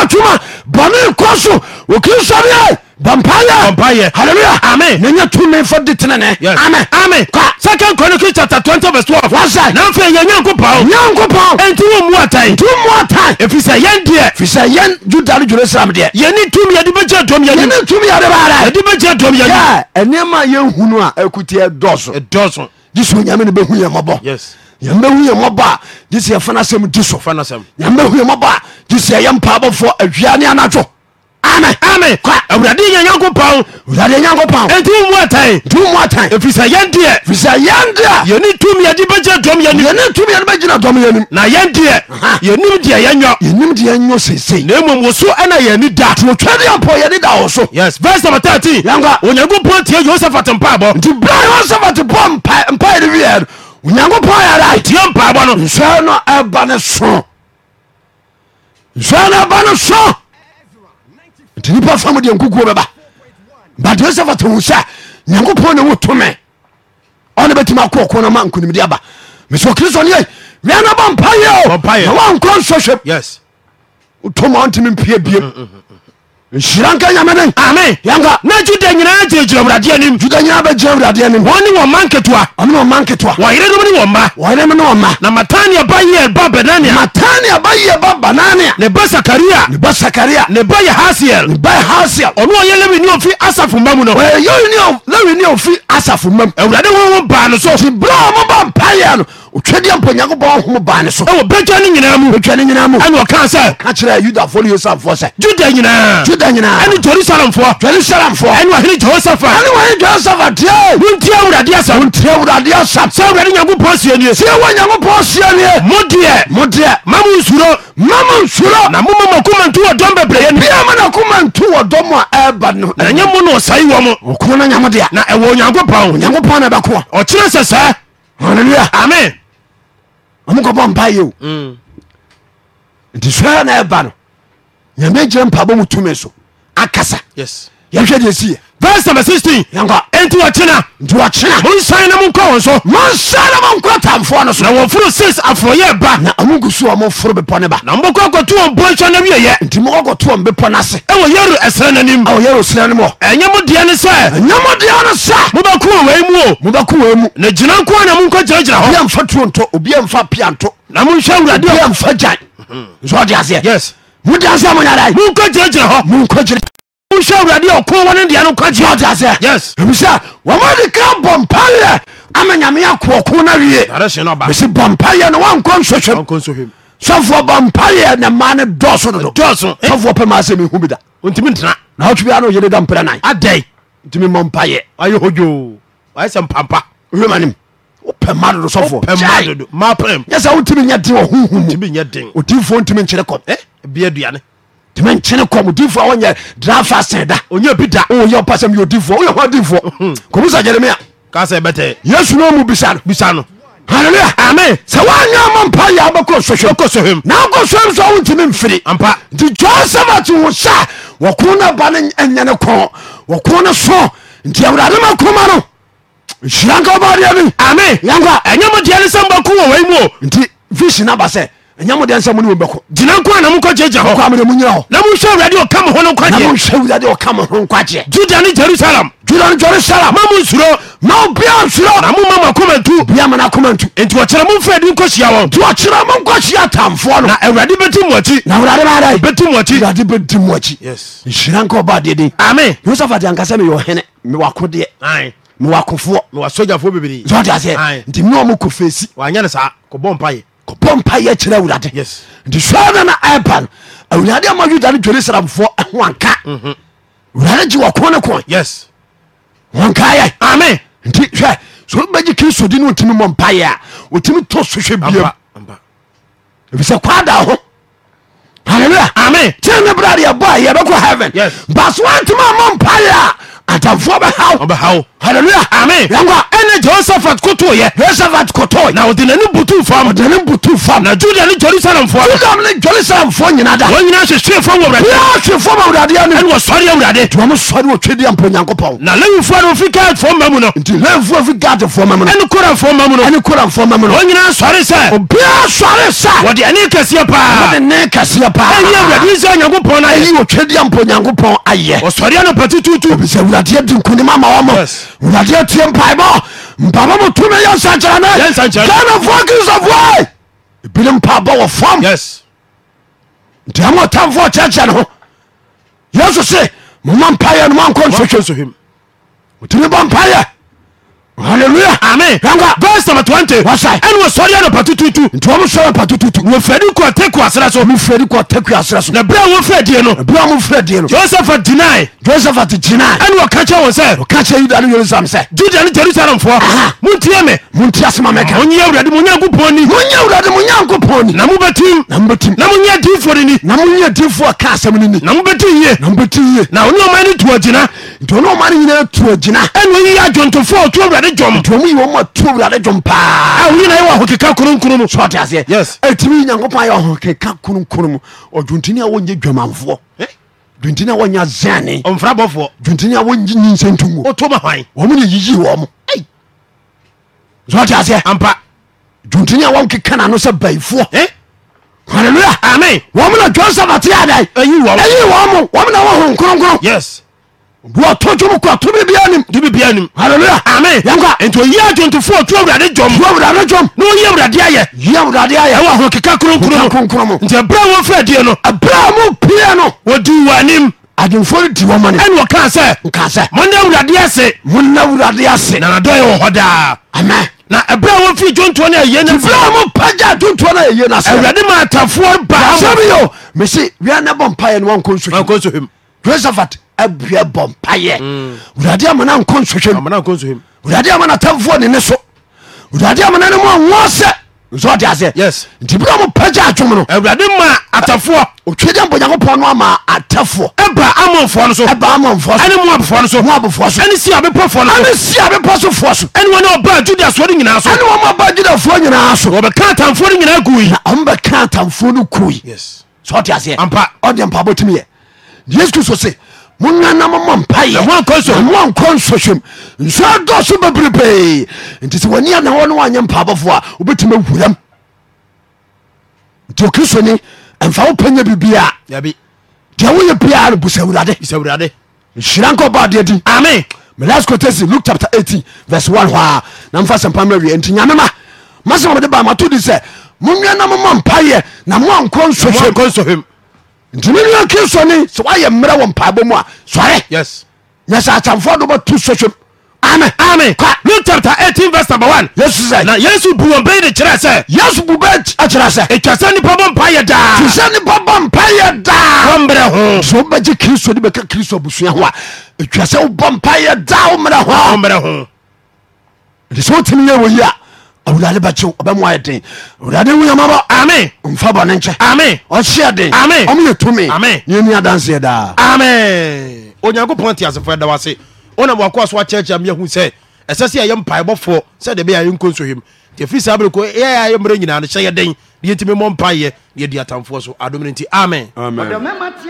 tu m'as bɔne nkɔ so wɔkiri sɔreɛ bɔmpayɛ halleluya amen na nya tumi fɔ di tenene amen amen kɔ second chronicles chapter twenty verse twelve wasa na nfɛ yɛ nyankopɔn nyankopɔn nti wo mu atan nti wo mu atan efi sɛ yɛn deɛ fi sɛ yɛn juda ne jerusalem deɛ yɛne tumi yɛde bɛkyɛ dɔm yɛnim yɛne tumi yɛde baara yɛde bɛkyɛ dɔm yɛnim yɛ ɛnneɛma yɛn hunu a ɛkuti ɛdɔso ɛdɔso e disu ni ne bɛhu yɛn mɔbɔ yɛn bɛhu yɛn mɔbɔ a disi yɛ fana sɛm diso fana sɛm nyame bɛhu yɛn mɔbɔ a s yɛpafn na awudeyyankopawntiaa fisa yɛndeɛa yɛne yne tme bina nn n nayɛndeɛ ynm de yɛyony s n wo so ɛna yɛnedapyɛndaoso 13 oyankopɔ tia ysafat pabntayftpyakopɔpa nsana ba no so nti nipa fa mu deɛ nkukuo bɛba but yoseph tewu sɛ nyankopɔn ne wo tome ɔne bɛtumi akoɔko no ma nkonimdi aba mesɛ kristo ne meana bɔ mpayɛ o na woankɔ nsɔ hwɛm wotoma wontimi mpia biem mm, mm, mm nsira nka nyameden ame yanka na juda nyinaa gyina gyina wurade anim juda nyinaa bɛgyina wurade anim wɔne wɔma nketewa ɔne wɔma nketewa wɔyere nom ne wɔmma wɔyere nom ne wɔmma na matania ba yɛ ba benania matania ba yɛ ba banania ne ba sakaria ne ba sakaria ne ba yɛ hasiel ne ba yɛ hasiel ɔno ɔyɛ lewini ofi asafo mba mu no ɔyɛ lewini ofi asafo mam awurade hoho baa ne so nti berɛ a moba mpayɛ no otwadeɛ mpo nyankopɔn hom baa ne so ɛwɔ bɛtwa no nyinaa mu bɛtwa no nyinaa mu ɛne ɔka sɛ ka kyerɛ yudafoɔ ne yosafoɔ sɛ juda nyinaa juda nyinaa ɛne jerusalemfoɔ jerusalemfoɔ ɛne ɔhene jehosafa ɛne ɔhene jehosafa tie wontie awurade asɛm wontie awurade asɛm sɛ awurade nyankopɔn sie nie wɔ nyankopɔn sie nie modeɛ modeɛ ma mo nsuro ma mo nsuro na moma mo akoma nto wɔ dɔm bebreyɛ no bia ma na akoma nto wɔ dɔm a ɛba no ɛnyɛ mo na ɔsae wɔ mo ɔko no nyamodea na ɛwɔ onyankopɔn nyankopɔn onyankopɔn na bɛkoa ɔkyerɛ sɛ sɛ halleluya amen ɔmokɔbɔ mpa yeo mm. nti sɛ na ɛba no nyame gyerɛ mpabɔ mu tumi so akasa yɛhwɛ deɛ siɛ verse number sixteen. yanko enti wɔ kyina. nti wɔ kyina. mo nsan na mo nkɔ wɔn so. mo nsan na mo nkɔ tamfoɔ no so. na wɔn furu six afɔyɛ ba. na ɔmo gu so a ɔmo furu bepɔ ne ba. na mo kɔ kɔ tu wɔn bɔ nsɛn na wiye yɛ. nti mo kɔ kɔ tu wɔn bepɔ n'ase. ɛwɔ yɛrù ɛsrɛ n'anim. ɛwɔ yɛrù ɛsrɛ n'anim wɔ. ɛnyɛ mo deɛ ni sɛ. ɛnyɛ mo deɛ ni sɛ. mo bɛ kún wɛn mu o. mo bɛ kún wɛn mu. na gyina nkɔ na mo nkɔ gyinagyina hɔ. obi anfa tuo nto obi anfa pia nto. na mo nhyɛ wura de. obi anfa gyan. Mhm. nsɔɔ di aseɛ. yes. mo di aseɛ mo nyara yi. mo nkɔ gyinagyina hɔ. mo nkɔ gyinagyina wohyɛ awurade ɔko wɔ ne deɛ no nkwagye ɔda sɛ ebisɛ wɔma de ka bɔ mpayɛ ama nyame akoɔ ko no wiemesi bɔ mpayɛ no wankɔ nsɔhwɛm sɔfoɔ bɔ mpayɛ ne ma ne dɔso dodo eh? sɔfoɔ pɛ maa sɛ mehu bi da ntimi ntena na wotwe bia na ɔyere da mpra nan adɛn ntimi mmɔ mpayɛ ayɛ hɔdwoo ayɛ sɛ mpampa hwemanim wopɛ ma dodo sɔfoɔ nyɛ wotimi nyɛ den wɔ hohu mu odimfoɔ ntimi nkyerɛ kɔm eh? bia aduane tìmí nkyini kọ́ mu dìfọ́ àwọn yẹ dìráfà sẹ̀ da onye bi da òun yẹ ọ̀pá sẹ́mi yóò dìfọ́ òun yẹ kọ́ jeremiah. kásá ẹ bẹ tẹ. yéésù náà mu bisa no. bisa no. hallelujah amen. sẹ wàá nyà ọmọ mpa yà abẹ kọ sọhwẹ. ọkọ sọhwẹ mu. n'an kọ sọhwẹ mu sọ ọhún tìmí nfiri. ampa. nti jọ́n sábà ti wò sá wọ́kùn náà ba ni ẹ̀yẹ ni kọ́ wọ́kùn ni sọ nti awurade ma kọ́ ma no. nsira nka ọba adiẹ mi. amen. yankwa ẹ̀yẹ́mu ɛnyamode nsɛ mo ne wɔbɛkɔ gyina nko a na mokɔgyegya hɔ mede mo nyina hɔ na monhwɛ awurade ɔka mo ho no nkwagyɛmonhwɛ awurade ɔka mo ho nkwagyɛ juda ne jerusalem juda ne jerusalem ma mo nsuro ma obia nsuro na moma mo akoma ntu bia ma no enti wɔkyerɛ mo adi nkɔhyia wɔn nti wɔkyerɛ mo nkɔhyia no na awurade bɛti mo na awurade bɛadae bɛti mo akyi awurade bɛdi mo akyi nhyira nka ɔba deɛ den ame yosafat ankasɛ meyɛ ɔhene mewɔ akodeɛ mewɔ akofoɔ mewɔ sogyafoɔ bebree sɛ ɔde aseɛ nti me ɔ mo kɔfɛsi wanyɛ saa kɔbɔ mpayɛ kɔbɔ mpa yɛ kyerɛ awurade nti sua no na ɛba no awurade ama yuda no jerusalemfoɔ ho eh, anka awurade mhm. gye wɔko ne ko wɔnka yɛ ame nti hwɛ so wobɛgye kristo di ne ɔtumi mɔ mpayɛ a ɔtumi tɔ sohwɛ biam ɛfisɛ kwa da ho halleluya ame tiɛ ne brade yɛbɔ yɛbɛkɔ heaven but so wantumi amɔ mpayɛ a atamfoɔ bɛhaw halleluya ami yanko ɛne josephat kotoyɛ josephat kotoy na ɔde nane butu fam ɔde nane butu fam na juda ne jerusalemfoɔ juda ne jerusalemfoɔ nyina da wɔn nyinaa hwehweefoɔ wɔ wurade wɔn hwehweefoɔ ma wurade anim ɛne wɔsɔre awurade tuma mo sɔre wɔ twedi ampo nyankopɔn na lewifoɔ no fi gad foɔ mamu no nti lewifoɔ fi gad foɔ mamu no ɛne koramfoɔ mamu no ɛne koramfoɔ mamu no wɔn nyinaa sɔre sɛ obiara sɔre sɛ wɔde ɛne kɛseɛ paa wɔde ne kɛseɛ paa ɛyi awurade yi sɛ nyankopɔn no ayɛ ɛyi wɔ twedi ampo wuradeɛ di nkonim ama wɔmo wuradeɛ tie mpaebɔ mpabɔ mo tumi yɛ nsankyerɛne ghanafoɔ kristofoɔ eh! ebinom mpabɔ wɔ fam nti ama ɔtamfoɔ kyɛkyɛ ne ho yesu se moma mpayɛ no moankɔ nsɔhwɛ otumi bɔ mpayɛ hallelujah amen yanga verse number twenty wasai ɛni wɔsɔre yɛ nɔpa tututu nti wɔn sɔrɔ nɔpa tututu wɔfɛdi kɔ teku asra so wɔfɛdi kɔ teku asra so na bere a wɔfɛ die no bere a wɔfɛ die no joseph deny joseph ti deny ɛni wɔ kankyɛ wɔn sɛ kankyɛ yuda ni yerusalem sɛ juda ni jerusalem fɔ mu ntiɛ mɛ mu ntiɛ sima mɛ kan mu nyɛ awurade mu nyanko pɔn ni mu nyɛ awurade mu nyanko pɔn ni na bɛ tim na bɛ tim na mu nyɛ diifo ni ni na mu nyɛ diifo ka asɛm ni ni bɛ ti yie na bɛ ti yie na oni ɔman ni tuwa gyina nti oni ɔman ni nyinaa tuwa gyina ɛni oyi yɛ adwontofo otu awurade awurade dwom nti ɔmu yɛ ɔmu atu awurade dwom paa a woyina yɛwɔ ahokeka kronkron mu sɔte aseɛ yes ɛtumi nyankopɔn ayɛ ahokeka kronkron mu ɔdwontini a wɔnyɛ dwamanfoɔ dwontini a wɔnyɛ zane ɔmfra bɔfoɔ dwontini a wɔnyi nyinsa ntum wo ɔtoma hwan ɔmu ne yiyi wɔ mo sɔte aseɛ ampa dwontini a wɔnkeka nano sɛ baifoɔ hallelujah amen wɔmu na dwon sabatea dɛn ɛyi wɔ mo wɔmu na wɔho nkronkron yes wọ́ọ̀tọ́ jọmọ kọ́ tó bí bíyà nim. tó bí bíyà nim. hallelujah amen. yanka nti o yíyá jọntofo o tún awurade jọm. tún awurade jọm. ní o yí awurade ayẹ. yí awurade ayẹ. ẹwà hàn kíkà kúrúnkúrún. kíkà kúrúnkúrún mu. nti abúlé wọn fẹ diẹ nọ. abúlé wọn pílẹ̀ nọ. o di wà nim. adunfo di wọn mani. ẹnu ọkàn sẹ. nkan sẹ. mo ní awurade ase. mo ní awurade ase. nana dọ yẹ wọ hɔ daa. amen. na abúlé wọn fi jọntoɔ náà yé n'asẹ. abúlé wọn pàjá jọntoɔ náà yé n'asẹ. awurade máa ta fún ọ baa. sẹ́mi yóò mèsì wíwá náà bọ̀ mpa yẹn ni wọ́n kó nsọ abua bɔ mpayɛ mm. wurade amana nkɔ nsohwɛm wurade amana tamfoɔ ne ne so wurade amana ne mu awo sɛ nso ɔde aseɛ nti bi mo pɛgya adwom no awurade ma atafoɔ otwe dɛ mbonyankopɔn no ama atafoɔ ɛba amonfoɔ no so ɛba amonfoɔ so ɛne moabfoɔ no so moabfoɔ so ɛne sia bepɔfoɔ no so ɛne sia bepɔ sofoɔ so ɛne wɔne ɔba judafoɔ no nyinaa so ɛne wɔn ɔba judafoɔ nyinaa so wɔbɛka atamfoɔ no nyinaa gui na ɔmo bɛka atamfoɔ no gui sɛ ɔde aseɛ ampa ɔde mpa bɔtumi yɛ yesu kristo se monana momɔ mpayemoankɔ nsɔhwɛm nso adɔ so bebrebee nti sɛ wani ana hɔ no waanyɛ mpabɔfoɔ a wobɛtumi awuram nti okristoni ɛmfa wo panya bibia deɛ woyɛ biaa no busa awurade nhyira nkɔ ba deɛ din ame melas kotesi luke chapter eighteen verse one hɔ a na mfa sɛmpa nti nyame ma masɛ mɔmede ba mato di sɛ monwana momɔ mpayɛ na moankɔ nsɔhwɛm ntimina kesone sɛ wayɛ mmerɛ wɔ mpabɔ mu a sɔre nyɛsɛ atamfoɔ do bɛto sɛhwɛm amen amen luke chapter eighteen verse number one. yesu sɛ. na yesu bu wɔn bɛyi de kyerɛ sɛ. yesu bu bɛyi akyerɛ sɛ. etwa sɛ nipa bɔ mpa yɛ daa. etwa sɛ nipa bɔ mpa yɛ daa. wɔn mmerɛ ho. so wɔn bɛgye kristu de bɛka kristu abusua ho a etwa sɛ wɔn bɔ mpa yɛ daa wɔn mmerɛ ho. wɔn mmerɛ ho. nti sɛ ti ni yɛ wɔ yi a awurade bɛkyew ɔbɛmu ayɛ den awurade wu yamabɔ ami nfa bɔ ne nkyɛn ami ɔhyɛ den ami ɔmu tumi ami ni eni adanseɛ daa ami onyankopɔn te asefo ɛda wase ɔnam wakɔ so akyerɛkyerɛ mi ehu sɛ ɛsɛ sɛ yɛyɛ mpaebɔfoɔ sɛ de bɛyɛ ayɛ nko nso yɛm te fi saa abiriko yɛyɛ ayɛ mmerɛ nyinaa no hyɛ yɛ den deɛ ntumi mɔ mpaeɛ deɛ di atamfoɔ so adom ne nti amen. amen.